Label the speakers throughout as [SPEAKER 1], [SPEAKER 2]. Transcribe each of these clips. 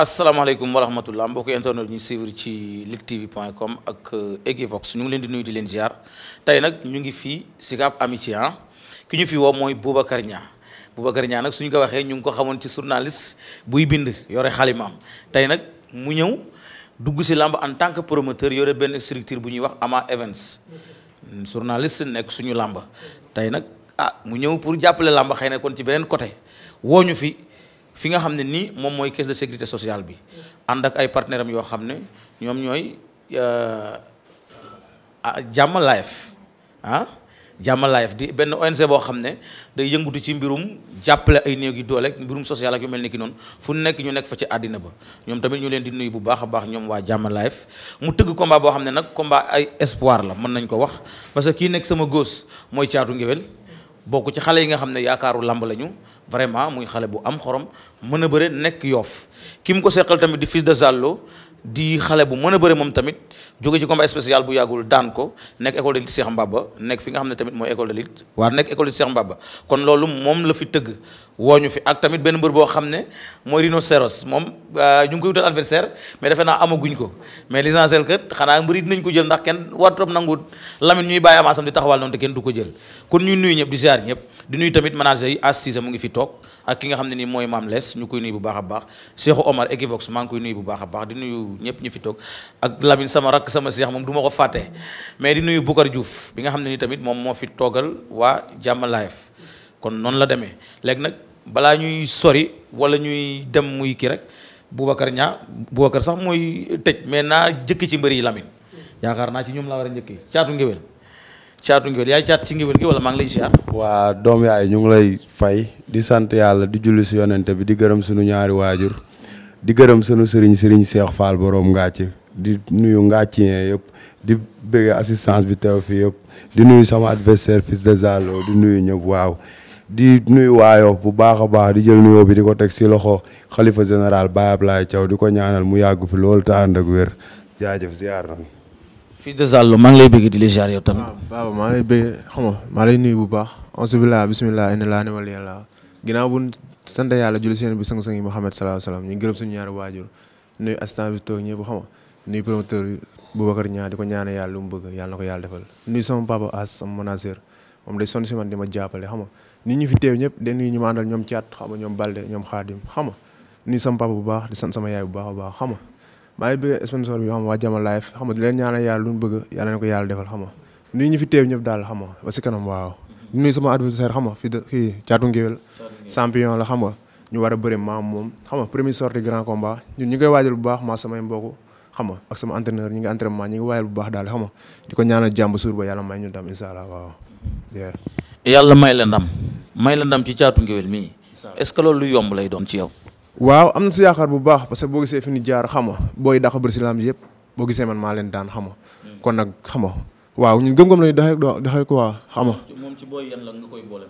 [SPEAKER 1] asalaamaaleykum wa rahmatullah mbokk internet ñu suivre ci luttetv.com ak euh, Equivox ñu ngi leen di nuyu di leen ziar tey nag ñu ngi fii si Sicap Amitié ah ki ñu fi woo mooy Boubacar Niang Boubacar Niang nag suñ ko waxee ñu ngi ko xamoon ci journaliste buy bind yore xalimaam tey nag mu ñëw dugg si lamb en tant que promoteur yore benn structure bu ñuy wax Ama Events journaliste nekk suñu làmba tey nag ah mu ñëw pour jàppale lamb xëy na kon ci beneen côté woo ñu fi. fi nga xam ne nii moom mooy caisse de sécurité sociale bi ànd ak ay partenaire yoo xam ne ñoom ñooy euh, ah, Jàmma Life ah Jàmma Life di benn ONG boo xam ne day yëngutu ci mbirum jàppale ay néew gi doole mbirum social ak yu mel ni ki noonu fu nekk ñu nekk fa ci àddina ba ñoom tamit ñu leen di nuyu bu baax a baax ñoom waa Jàmma Life mu tëgg combat boo xam ne nag combat ay espoir la mën nañ ko wax parce que kii nekk sama góos mooy caatu ngéwél bokk ci xale yi nga xam ne yaakaaru làmb lañu vraiment muy xale bu am xorom mën a bëre nekk yoof ki mu ko seqal tamit di fils de Zallo di xale bu mën a bëre moom tamit jóge ci combat spécial bu yàggul daan ko nekk école de lutte Cheikh Mbaba nekk fi nga xam ne tamit mooy école de lutte waa nekk école de lutte Cheikh kon loolu moom la fi tëgg wooñu fi ak tamit benn mbër boo xam ne mooy rhinocéros moom euh, ñu ngi koy wutal adversaire mais defe naa amaguñ ko mais l'essentiel que xanaa mbër yi dinañ ko jël ndax kenn wartoom nangu Lamine ñuy bàyyi amaasam di taxawal noonu te kenn du ko jël kon ñuy nuyu ñëpp di ziar ñëpp di nuyu tamit manager yi As mu ngi fi toog ak ki nga xam ne nii mooy Maam Les ñu koy nuyu bu baax a baax Cheikhou Omar Equivox maa ngi koy nuyu bu baax a baax di nuyu ñëpp ñu fi toog ak lamin sama rakk sama Cheikh moom du ma ko fàtte mais di nuyu Boucar Diouf bi nga xam ne nii tamit moom moo fi toogal waa Jàmm Live kon noonu la demee léegi nag balaa ñuy sori wala ñuy dem muy kii rek Boubacar ñaa Boubacar sax mooy tëj mais naa jëkk ci mbër yi Lamine yaakaar naa ci ñoom laa war a njëkkee caatu ngéwél caatu ngéwél yaay caat ci ngéwél gi wala maa ngi
[SPEAKER 2] waa doom yaay ñu ngi lay fay di sant yàlla di julli si yonente bi di gërëm sunu ñaari waajur di gërëm sunu sëriñ sëriñ Seex Fall ngaa ci di nuyu Ngathien yëpp di bëgg assistance bi teew fi yëpp di nuyu sama adversaire fils de Zalo di nuyu ñëpp waaw. di nuyu waayoo bu baax a baax di jël nuyoo bi di ko teg si loxo xalifa général Baye Ablaye Thiaw di ko ñaanal mu yàgg fi loolu te ànd ak wér jaajëf ziar nañ fils de Zallo maa ngi lay bëgg di la ziar tamit.
[SPEAKER 3] waaw ah, maa lay bëgg xam maa lay nuyu bu baax. alhamdulilah bisimilah inna laa ne wala yàlla ginnaaw bu sant yàlla julli seen bi sang sang yi Muhammad sallallahu alayhi wasallam ñu gërëm suñu ñaari waajur nuyu assistant bi toog ñëpp xam nga nuyu promoteur bi Boubacar ñaar di ko ñaanal yàlla lu mu bëgg yàlla na ko yàlla defal nuyu sama papa As sama manager moom day sonn si di ma jàppale xam nga nit fi teew ñëpp de nuyu ñu ma ñoom Thiat xam nga ñoom Balde ñoom Xaadim xam nga nuyu sama bu baax di sant sama yaay bu baax bu baax xam nga maa ngi bëgg sponsor bi xam nga waa Jama Life xam nga di leen ñaanal yàlla lu ñu bëgg yàlla na ko yàlla defal xam nga ñu fi teew ñëpp daal xama nga ba si kanam waaw nuyu sama adversaire xam la xam nga ñu war a bëri maam moom xam nga première sortie grand combat ñu ngi koy waajal bu baax maa samay mbokk xam nga ak sama entraîneur ñi ngi entraînement ñi ngi waajal bu baax daal xama nga ko ñaanal jàmm suur ba yàlla may ñu ndam incha allah waaw
[SPEAKER 1] yàlla may la ndam may la ndam ci caatu ngéwél mii est-ce loolu lu yomb lay doon ci yow
[SPEAKER 3] waaw am na si yaakaar bu baax parce que boo gisee fi ñu jaar xama booy dàq bëri si lamb yëpp boo gisee man maa leen daan xama kon nag xama waaw ñun gëm-gëm la nga koy boole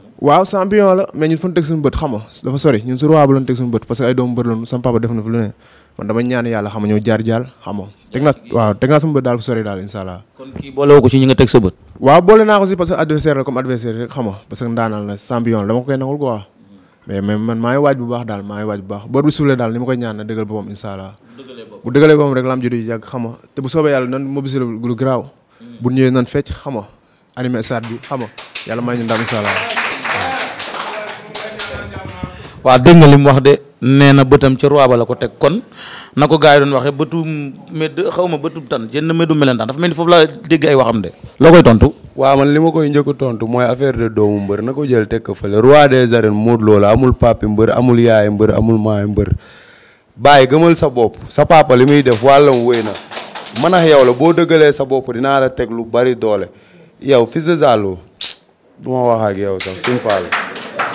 [SPEAKER 3] teg suñu bët dafa sori ñun su roi ba lañ teg suñu bët ay doomu bër lañu sama def na fi lu ne man dama ñaan yàlla xama ñëw jaar jaar xama teg naa waaw teg naa sama daal fu sori daal incha allah ko ci ñi nga teg sa bët waaw boole naa ko si parce adversaire la comme adversaire rek xama parce que ndaanaan la champion la dama ko koy mais mais man maa ngi waaj bu baax daal maa waaj bu baax bor bi suulee daal ni ma koy ñaan na dëggal boppam incha allah bu dëggalee boppam rek lam ji du yàgg xama te bu soobee yàlla nan mobilisé lu garaaw mm. bu ñëwee nan fecc xama animé stade bi xama yàlla may ñu ndam incha allah
[SPEAKER 1] waaw dégg wax de nee na bëtam ca roi ba la ko teg kon na ko gars yi doon waxee bëtu med xaw ma bëtu tan jënd medu melentaan dafa mel ni foofu laa dégg ay waxam de
[SPEAKER 2] loo koy tontu waaw man li ma koy njëkk tontu mooy affaire de doomu mbër na ko jël teg ko fële roi des arènes Modou Lo la amul papi mbër amul yaay mbër amul maay mbër bàyyi gëmal sa bopp sa paapa li muy def wàllam wéy na man ak yow la boo dëggalee sa bopp dinaa la teg lu bari doole yow fi de Zalo du ma wax yow sax suñ faal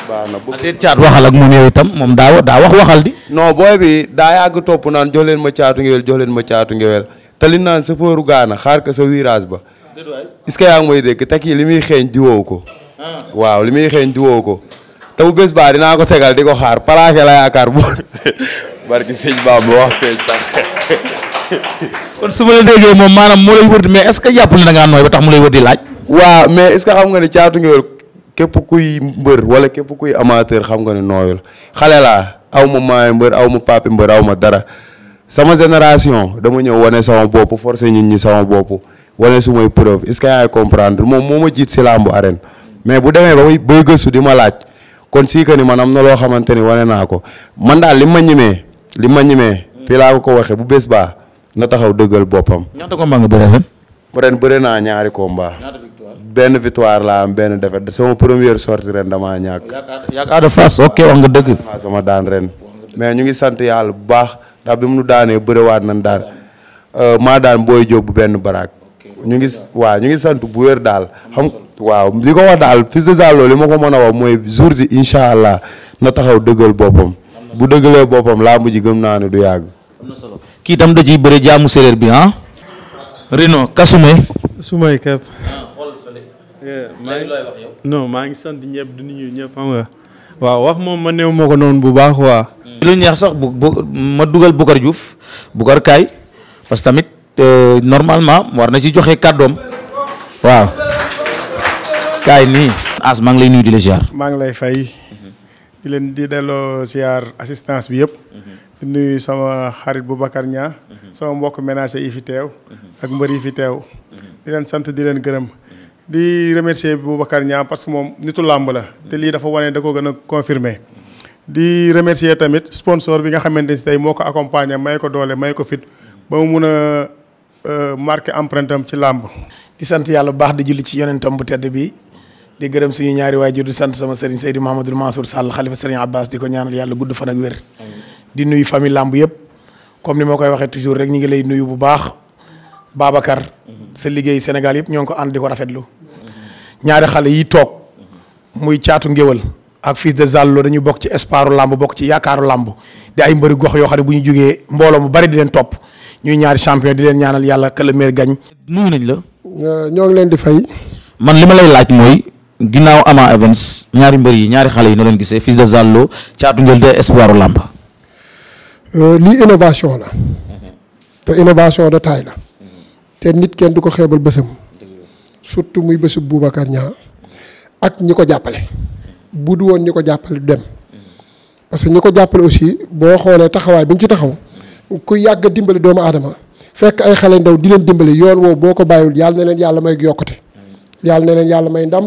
[SPEAKER 2] baax na bëgg caat waxal ak moom yow itam moom daa wax waxal di non booy bi daa yàgg topp naan jox leen ma caatu ngewel jox leen ma caatu ngewel te li naan ba est-ce que yaa ngi may dégg teg yi li muy xeeñ di woo ko. Ah. waaw li muy xeeñ di ko. te bu bés baa dinaa ko tegal di ko xaar paraake la yaakaar bu barki sëñ Ba mu wax su ma la déggee moom maanaam moo lay wër di mais est-ce que jàpp na da ngaa nooy ba tax mu lay wër di laaj. waaw mais est-ce que xam nga ni caatu ngeewal képp kuy mbër wala képp kuy amateur xam nga ne nooyul xale laa aw ma maay mbër aw ma papi mbër aw ma dara sama génération dama ñëw wane sama bopp forcé nit ñu sama bopp. wane su mooy preuve est yaay comprendre moom moo ma jiit si làmbu arène mais bu demee ba muy bay gëstu di ma laaj kon sii que ni man am na loo xamante ni wane naa ko man daal li ma ñemee li ma ñemee fii laa ko bu bés baa na taxaw dëggal boppam.
[SPEAKER 1] ñaata combat nga bëree ren.
[SPEAKER 2] ren bëri naa ñaari combat. ñaata benn victoire laa benn défaite sama première sortie ren damaa ñàkk.
[SPEAKER 4] yàgg Ada Fass ok wax nga dëgg.
[SPEAKER 2] waaw sama daan ren. mais ñu ngi sant yàlla bu baax ndax bi mu daanee bëriwaat nañ daan euh, maa daan booy jóg bu benn baraak. ñu ngi waaw ñu ngi sant bu wér daal xam waaw li ko wax daal Fils de Zalo li ma ko mën a wax mooy jour incha allah na taxaw dëggal boppam bu dëggalee boppam làmb ji gëm naa ne du yàgg. kii itam da ciy bëre jaamu séeréer bi ah. Rino sumay képp.
[SPEAKER 3] maa
[SPEAKER 4] maa ngi sant ñëpp
[SPEAKER 3] waaw
[SPEAKER 1] wax moom ma néew ma ko noonu bu baax waa. lu neex sax bu ma dugal Boucar Diouf Boucar Kaay parce que tamit. te normalement war na ci joxe kàddoom waaw kaay nii as maa lay nuyu di la ziar
[SPEAKER 5] maa ngi lay fay
[SPEAKER 4] di leen di delloo ziar assistance bi yëpp di nuyu sama xarit Boubacar Niang sama mbokk ménager yi fi teew ak mbër yi fi teew di leen sant di leen gërëm di remercier Boubacar Niang parce que moom nitu làmb la te lii dafa wane da ko gën a confirmer di remercier tamit sponsor bi nga xamante ne si tey moo ko accompagner may ko doole may ko fit ba mu mun a Euh, marqué empreinte am ci làmb di sant yàlla bu baax di julli ci yonentam bu tedd bi di gërëm suñu ñaari waajur di sant sama sëriñ Seydou Mahamadul Mansour Sall xalifa sëriñ Abbas di ko ñaanal yàlla gudd fan wér. di nuyu famille làmb yëpp comme ni ma koy waxee toujours rek ñu ngi lay nuyu bu baax Babacar. sa liggéey Sénégal yëpp ñoo ngi ko ànd di ko rafetlu. ñaari xale yi toog. muy caatu ngéwal ak fils de Zallo dañu bokk ci espoiru làmb bokk ci yaakaar làmb di yoo xam ne bu ñu jógee mbooloo ñuy ñaari champion di leen ñaanal yàlla que le meilleur nañ la. ñoo ngi leen di fay.
[SPEAKER 1] man li ma lay laaj mooy ginnaaw Ama Evans ñaari mbër yi ñaari xale yi noo leen gisee Fils de Zal caatu njël de espoir u
[SPEAKER 4] euh, lii innovation la. te innovation de taille la. te nit kenn du ko xeebal bësam. surtout muy bésu Boubacar Niang ak ñi ko jàppale. bu du woon ñi ko jàppale du dem. parce que ñi ko jàppale aussi boo xoolee taxawaay bi ñu ci taxaw. ku yàgg dimbali doomu aadama fekk ay xale ndaw di leen dimbali yoon woowu boo ko bàyyiwul yàlla na leen yàlla may yokkute yàlla na leen yàlla may ndam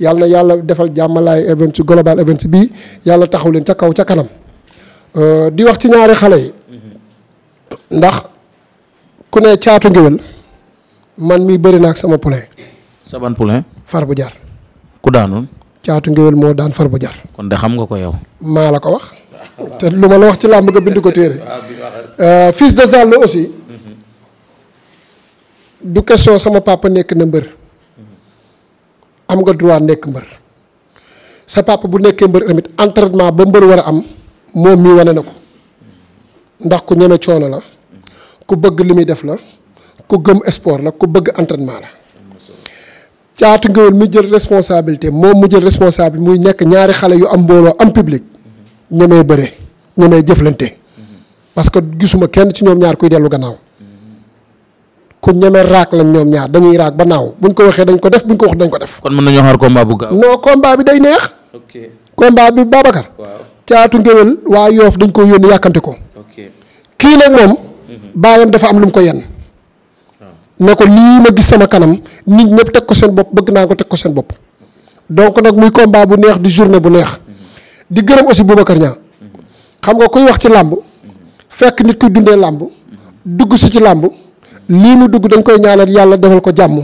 [SPEAKER 4] yàlla na yàlla defal jàmmalaay events global events bii yàlla taxaw leen ca kaw ca kanam euh, di wax ci ñaari xale yi ndax ku ne caatu ngéwél man mi bëri naak sama poulain saban poulain far bu jar ku daanoon caatu ngéwél moo daan far bu jar
[SPEAKER 1] kon de xam nga ko yow
[SPEAKER 4] maa la ko wax te lu ma la wax ci làmb nga bind ko téere ah, Euh, fils de Zallo aussi mm-hmm. du question sama papa nekk na mbër mm-hmm. am nga droit nekk mbër sa papa bu nekkee mbër tamit entraînement ba mbër war a am moom mii wane na ko mm-hmm. ndax ku ñeme coono la ku bëgg li muy def la ku gëm sport la ku bëgg entraînement la caatu ngéwél mu jël responsabilité moom mu jël responsabilité muy nekk ñaari xale yu am mbooloo am public ñemee bëre ñemee jëflante parce que gisuma kenn ci ñoom ñaar kuy dellu gannaaw ku ñeme raak lañ ñoom ñaar dañuy raak ba naaw buñ ko waxee dañ ko def buñ ko wax dañ ko def.
[SPEAKER 1] kon mën nañoo xaar combat bu gaaw.
[SPEAKER 4] non combat bi day neex. ok combat bi Babacar. waaw caatu ngéwél waa Yoof dañ ko yónni yàkkante ko. ok kii nag moom. Mhm. baayam dafa am lu mu ko yenn. ne ko lii ma gis sama kanam nit ñëpp teg ko seen bopp bëgg naa ko teg ko seen bopp. donc nag muy combat bu neex di journée bu neex. Mhm. di gërëm aussi Boubacar ñaa mhm. xam nga kuy wax ci làmb fekk nit kuy dundee làmb dugg si ci làmb lii mu dugg dañ koy ñaanal yàlla defal ko jàmm.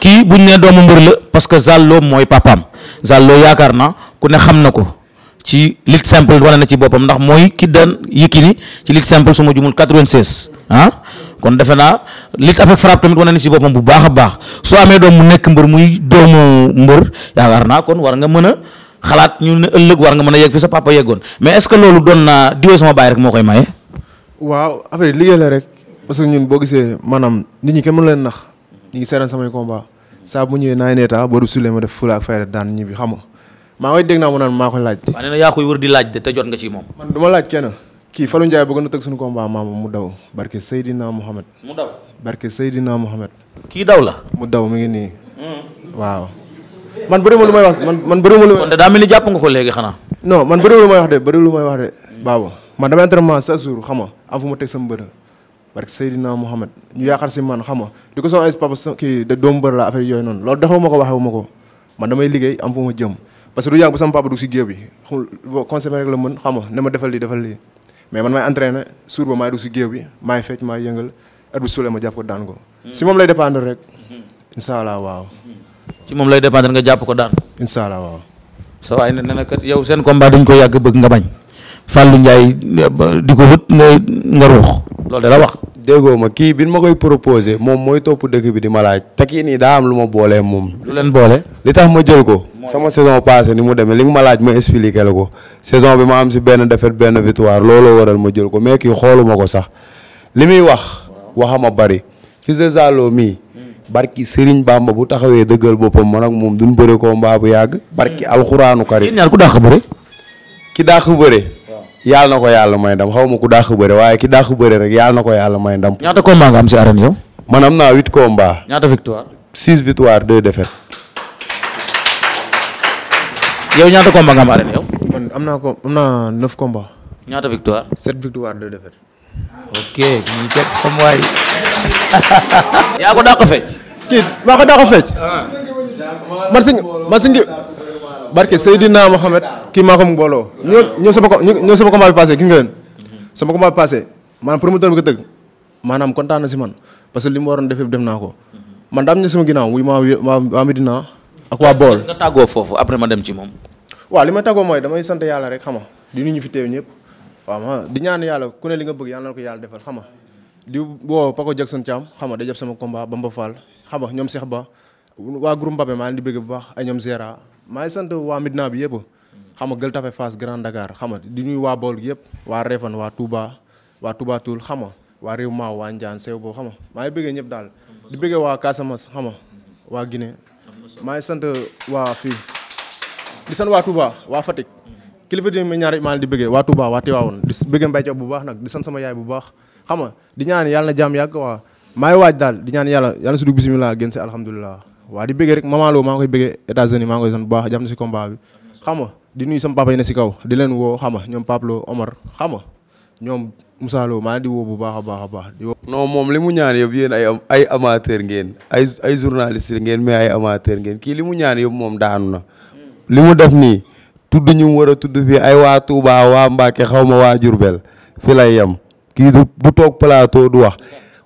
[SPEAKER 4] kii bu buñ nee
[SPEAKER 1] doomu mbër la parce que Zallo mooy papaam Zallo yaakaar naa ku ne xam na ko ci lutte simple wane na ci boppam ndax mooy ki daan Yékini ci lutte simple su ma jumul 96 ah kon defe naa lutte avec frappe tamit wane na bu baax baax soo amee doom mu nekk mbër muy doomu mbër kon war nga mën a xalaat ñu ne ëllëg war nga mën a yegg fi sa papa yeggoon mais est loolu doon naa diwee sama baay rek moo koy may
[SPEAKER 3] waaw affaire liggéey la rek parce que ñun boo gisee maanaam nit ñi kenn mënu leen nax ñu ngi seetaan samay combat saa bu ñëwee naay neeta booru sulee ma def fula ak fayda daan ñibbi xam nga maa ngi dégg naa mu naan maa ko laaj.
[SPEAKER 1] yaa koy wër di laaj te jot nga ci moom.
[SPEAKER 3] man du ma laaj kenn kii Fallou Ndiaye bëgg na tëgg suñu combat maama mu daw mu daw la. mu daw mi ngi nii. Mm-hmm. waaw. man bëriwuma lu may wax man man bëriwuma lu may. kon de mel ni jàpp nga ko léegi xanaa. non man bëriwul lu may wax de lu may wax de. baaba man dama entraînement chaque jour xam nga am fu ma teg sama bërë barke Seydina Mohamed ñu yaakaar si man xam di ko sama ay la affaire yooyu noonu loolu dexewu ma si ba maay dugg si géew
[SPEAKER 1] moom lay dépendre nga jàpp ko daan incha waaw sa waay ne na yow seen combat dañ ko yàgg
[SPEAKER 2] bëgg nga bañ Fallou Ndiaye eh, di ko nga nga ruux loolu wax. déggoo ma kii bi ma koy proposé moom mooy topp dëkk bi di ma laaj te kii nii daa am lu ma boolee moom. lu leen boole. li tax ma jël ko. sama saison passée ni mu demee li nga ma laaj ma expliqué la ko saison bi ma am si benn défaite benn victoire looloo waral ma jël ko mais kii xooluma ko sax li muy wax. waxama bari Fils de Zalo mii. Hmm. barki Serigne Bamba bu taxawee dëggal boppam man moom duñ bëre ko mbaa bu yàgg. barki hmm. alxuraanu karim. ñaar ku dàq bëre. ki dàq bëre. yàlla na ko yàlla may ndam xaw ma ku daaxu bëre waaye ki daaxu bëre rek yàlla na ko yàlla may ndam. ñaata combat nga am si arène yow. man am naa huit combats. ñaata victoire. six victoire deux défaites. yow ko am
[SPEAKER 3] naa neuf combats. ñaata victoire. sept victoire deux défaites. ok ko dàq fecc. kii maa ko dàq fecc. Ah. man si man si barke Seydina Mohamed kii maa ko mbooloo. ñoo ñoo sama ko ñoo sama combat bi passé gis nga leen. sama combat kontaan na si man parce que li mu waroon def yëpp def naa ko man daam ñu sama ginnaaw muy Bool.
[SPEAKER 1] nga foofu après ma dem ci moom.
[SPEAKER 3] waaw li ma tàggoo mooy damay sant yàlla rek xama di nuyu ñu fi teew ñëpp waaw ma ñaan yàlla ku ne nga bëgg yàlla ko yàlla defal xama di woo Paco Jackson Thiam xama day jëf sama combat Bamba Fall xama ñoom Cheikh Ba waa groupe Mbappé maa ngi di bëgg bu baax ay ñoom Zera maa ngi sant waa Medina bi yëpp xam nga Gueule Tapée Grand Dakar xam nga di ñuy waa Bawol gi yëpp waa Réfane waa Touba waa Touba xam nga waa réew maaw waa Njaan sew boo xam nga maa ngi bëggee ñëpp daal di bëggee waa Casamance xam nga waa Guinée maa ngi sant waa fii di sant waa Touba waa Fatick kilifa di ma ñaari maa di bëggee waa Touba waa Tiwaawoon di bëggee Mbaye Diop bu baax nag di sant sama yaay bu baax xam nga di ñaan yàlla na jàmm yàgg waa maa ngi waaj daal di ñaan yàlla yàlla su dugg bisimilah gën si waa di bëggee rek maman Lo maa ngi koy bëggee États-Unis maa ngi koy sant bu baax jàmm si combat bi xam nga di nuyu sama papa yi ne si kaw di leen woo xam nga ñoom Pape Lo Omar xam ñoom Moussa Lo maa ngi di woo bu baax a baax a baax
[SPEAKER 2] di woo non moom li mu ñaan yëpp yéen ay ay amateur ngeen ay ay journaliste ngeen mais ay amateur ngeen kii li mu ñaan yëpp moom daanu na li mu def nii tudd ñu war a tudd fii ay waa Touba waa Mbacke xaw ma waa Diourbel fi lay yem kii du bu toog plateau du wax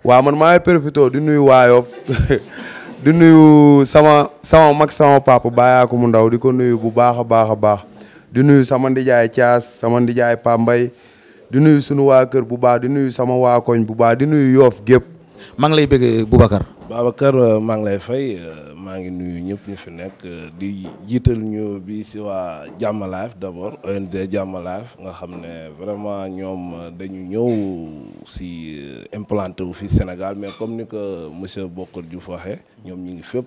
[SPEAKER 2] waa man maa ngi di nuyu waa Yoff di nuyu sama sama mag sama papa bàyyaako mu ndaw di ko nuyu bu baax a baax a baax di nuyu sama ndijaay Thiaas sama ndijaay Pambay di nuyu sunu waa kër bu baax di nuyu sama waa koñ bu baax di nuyu yoof gépp
[SPEAKER 5] maa lay bëggee Boubacar. Babacar euh, maa lay fay euh, maa ngi nuyu ñëpp ñu fi nekk euh, di jiital ñu bi si waa Jàmm Live d'abord ONG Jàmm Live nga xam ne vraiment ñoom dañu ñëw si implanté wu fi Sénégal mais comme ni ko monsieur Bokar Diouf waxee ñoom ñu ngi fépp.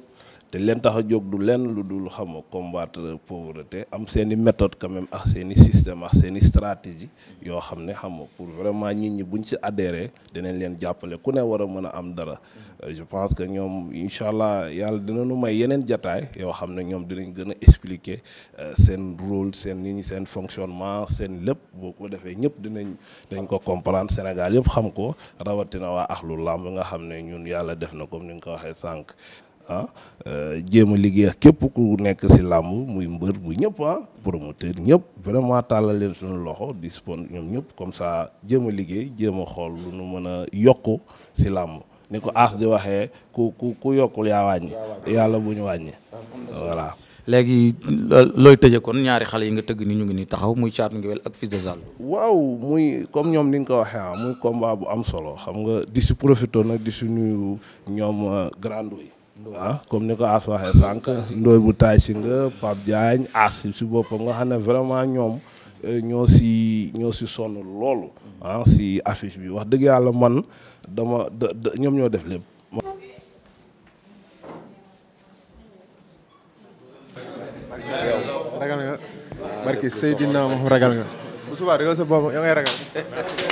[SPEAKER 5] te leen tax a jóg du leen lu dul xamoo nga combattre pauvreté am seen i méthode quand même ak seen i système ak seen stratégie yoo xam ne xam nga pour vraiment nit ñi buñ si adhéré dinañ leen jàppale ku ne war a mën a am dara euh, je pense que ñoom incha allah yàlla dinañu may yeneen jataay yoo xam ne ñoom dinañ gën a expliquer euh, seen rôle seen nit ñi seen fonctionnement seen lépp boo ko defee ñëpp dinañ dañ ko comprendre Sénégal yëpp xam ko rawatina waa axlu làmb nga xam ne ñun yàlla def na comme ni nga ko waxee sànq ah euh, jéem a liggéey ak képp ku nekk si làmb muy mbër bu ñëpp ah promoteur ñëpp vraiment tàllal leen suñu loxo di sponsor ñoom ñëpp comme sa jéem a liggéey jéem a xool lu nu mën a yokk si làmb ni ko aas di waxee ku ku ku yokkul yaa wàññi yàlla bu ñu wàññi voilà
[SPEAKER 1] léegi looy tëjee kon ñaari xale yi nga tëgg ni ñu ngi nii taxaw muy Thiatou Nguéweul ak Fils de Zal
[SPEAKER 5] waaw muy comme ñoom ni nga ko waxee ah muy combat bu am solo xam nga di si profité nag di si nuyu ñoom euh, grando yi waaw ah, comme ni ko As waxee sànq ndooy bu taay si nga Pape Diagne As si boppam nga xam ne vraiment ñoom eh, ñoo si ñoo si sonn loolu ah si affiche bi wax dëgg yàlla man dama da ñoom ñoo def lépp.
[SPEAKER 3] ragal nga barki Seydina ragal nga bu subaa ragal sa bopp yow ragal.